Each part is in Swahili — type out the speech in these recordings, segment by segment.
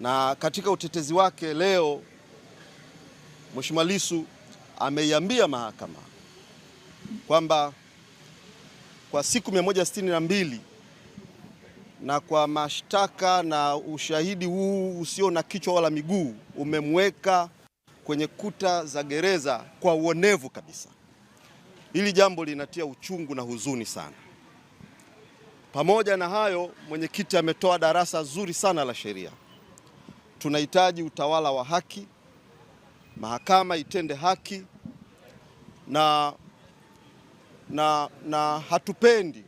na katika utetezi wake leo Mheshimiwa Lissu ameiambia mahakama kwamba kwa siku 162 na kwa mashtaka na ushahidi huu usio na kichwa wala miguu umemweka kwenye kuta za gereza kwa uonevu kabisa. Hili jambo linatia uchungu na huzuni sana. Pamoja na hayo, mwenyekiti ametoa darasa zuri sana la sheria. Tunahitaji utawala wa haki, mahakama itende haki na, na, na hatupendi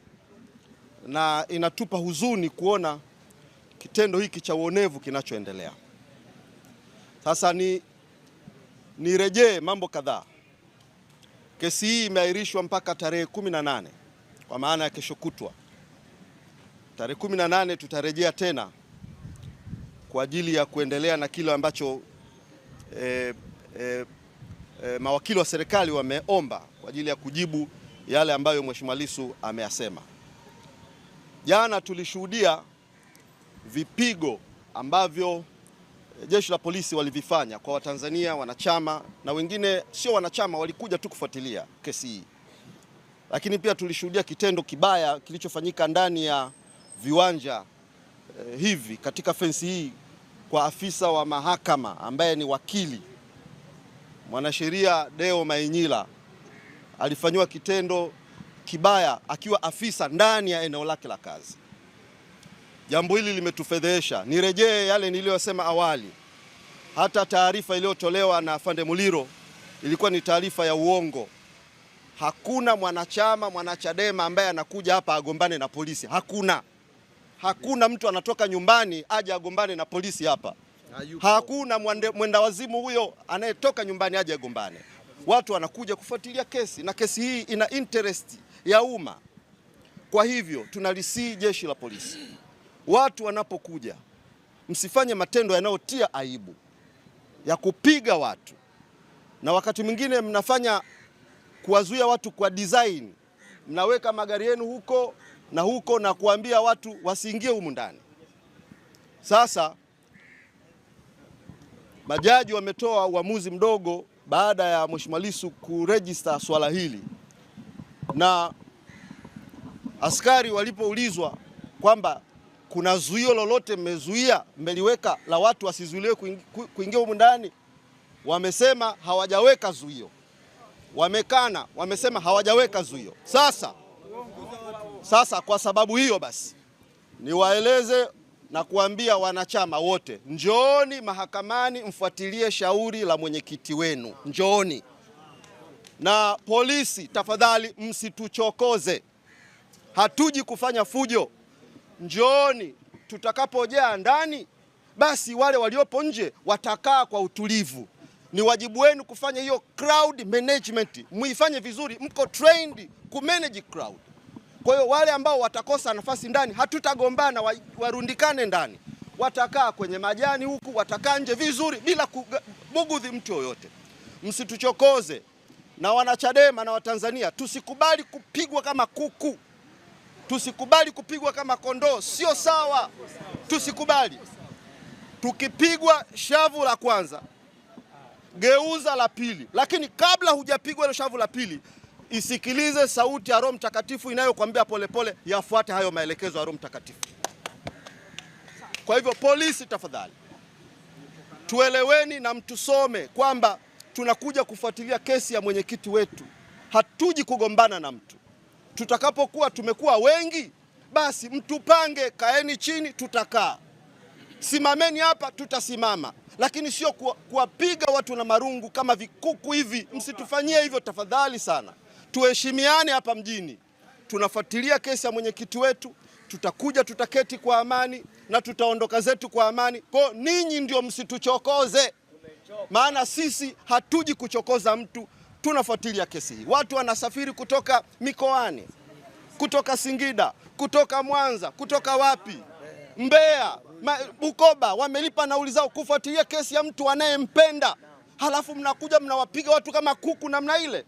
na inatupa huzuni kuona kitendo hiki cha uonevu kinachoendelea. Sasa ni nirejee mambo kadhaa. Kesi hii imeahirishwa mpaka tarehe nane kwa maana ya kesho kutwa, tarehe nane tutarejea tena kwa ajili ya kuendelea na kile ambacho e, e, e, mawakili wa serikali wameomba kwa ajili ya kujibu yale ambayo Mheshimiwa Lissu ameyasema. Jana tulishuhudia vipigo ambavyo jeshi la polisi walivifanya kwa Watanzania wanachama na wengine sio wanachama, walikuja tu kufuatilia kesi hii, lakini pia tulishuhudia kitendo kibaya kilichofanyika ndani ya viwanja eh, hivi katika fensi hii kwa afisa wa mahakama ambaye ni wakili mwanasheria Deo Mainyila alifanyiwa kitendo kibaya akiwa afisa ndani ya eneo lake la kazi. Jambo hili limetufedhehesha. Nirejee yale niliyosema awali, hata taarifa iliyotolewa na Afande Muliro ilikuwa ni taarifa ya uongo. Hakuna mwanachama mwanachadema ambaye anakuja hapa agombane na polisi, hakuna. Hakuna mtu anatoka nyumbani aje agombane na polisi hapa. Hakuna mwenda wazimu huyo anayetoka nyumbani aje agombane. Watu wanakuja kufuatilia kesi na kesi hii ina interest ya umma. Kwa hivyo tunalisii jeshi la polisi, watu wanapokuja, msifanye matendo yanayotia aibu ya kupiga watu, na wakati mwingine mnafanya kuwazuia watu kwa design, mnaweka magari yenu huko na huko na kuambia watu wasiingie humu ndani. Sasa majaji wametoa uamuzi mdogo baada ya Mheshimiwa Lissu kurejista swala hili, na askari walipoulizwa kwamba kuna zuio lolote mmezuia mmeliweka la watu wasizuiliwe kuingia humu ndani, wamesema hawajaweka zuio, wamekana, wamesema hawajaweka zuio. Sasa sasa kwa sababu hiyo basi niwaeleze na kuambia wanachama wote, njooni mahakamani mfuatilie shauri la mwenyekiti wenu, njooni. Na polisi, tafadhali msituchokoze, hatuji kufanya fujo, njooni. Tutakapojaa ndani, basi wale waliopo nje watakaa kwa utulivu. Ni wajibu wenu kufanya hiyo crowd management, muifanye vizuri, mko trained kumanage crowd. Kwa hiyo wale ambao watakosa nafasi ndani, hatutagombana, warundikane ndani, watakaa kwenye majani huku, watakaa nje vizuri, bila kubugudhi mtu yoyote. Msituchokoze na wanachadema na Watanzania, tusikubali kupigwa kama kuku, tusikubali kupigwa kama kondoo, sio sawa, tusikubali. Tukipigwa shavu la kwanza, geuza la pili, lakini kabla hujapigwa hilo shavu la pili isikilize sauti ya Roho Mtakatifu inayokuambia polepole, yafuate hayo maelekezo ya Roho Mtakatifu. Kwa hivyo, polisi, tafadhali tueleweni na mtusome kwamba tunakuja kufuatilia kesi ya mwenyekiti wetu, hatuji kugombana na mtu. Tutakapokuwa tumekuwa wengi, basi mtupange, kaeni chini, tutakaa. Simameni hapa, tutasimama, lakini sio kuwapiga watu na marungu kama vikuku hivi. Msitufanyie hivyo tafadhali sana tuheshimiane hapa mjini. Tunafuatilia kesi ya mwenyekiti wetu, tutakuja tutaketi kwa amani na tutaondoka zetu kwa amani. Kwa ninyi ndio msituchokoze, maana sisi hatuji kuchokoza mtu. Tunafuatilia kesi hii. Watu wanasafiri kutoka mikoani, kutoka Singida, kutoka Mwanza, kutoka wapi, Mbeya, Bukoba, wamelipa nauli zao kufuatilia kesi ya mtu anayempenda, halafu mnakuja mnawapiga watu kama kuku namna ile.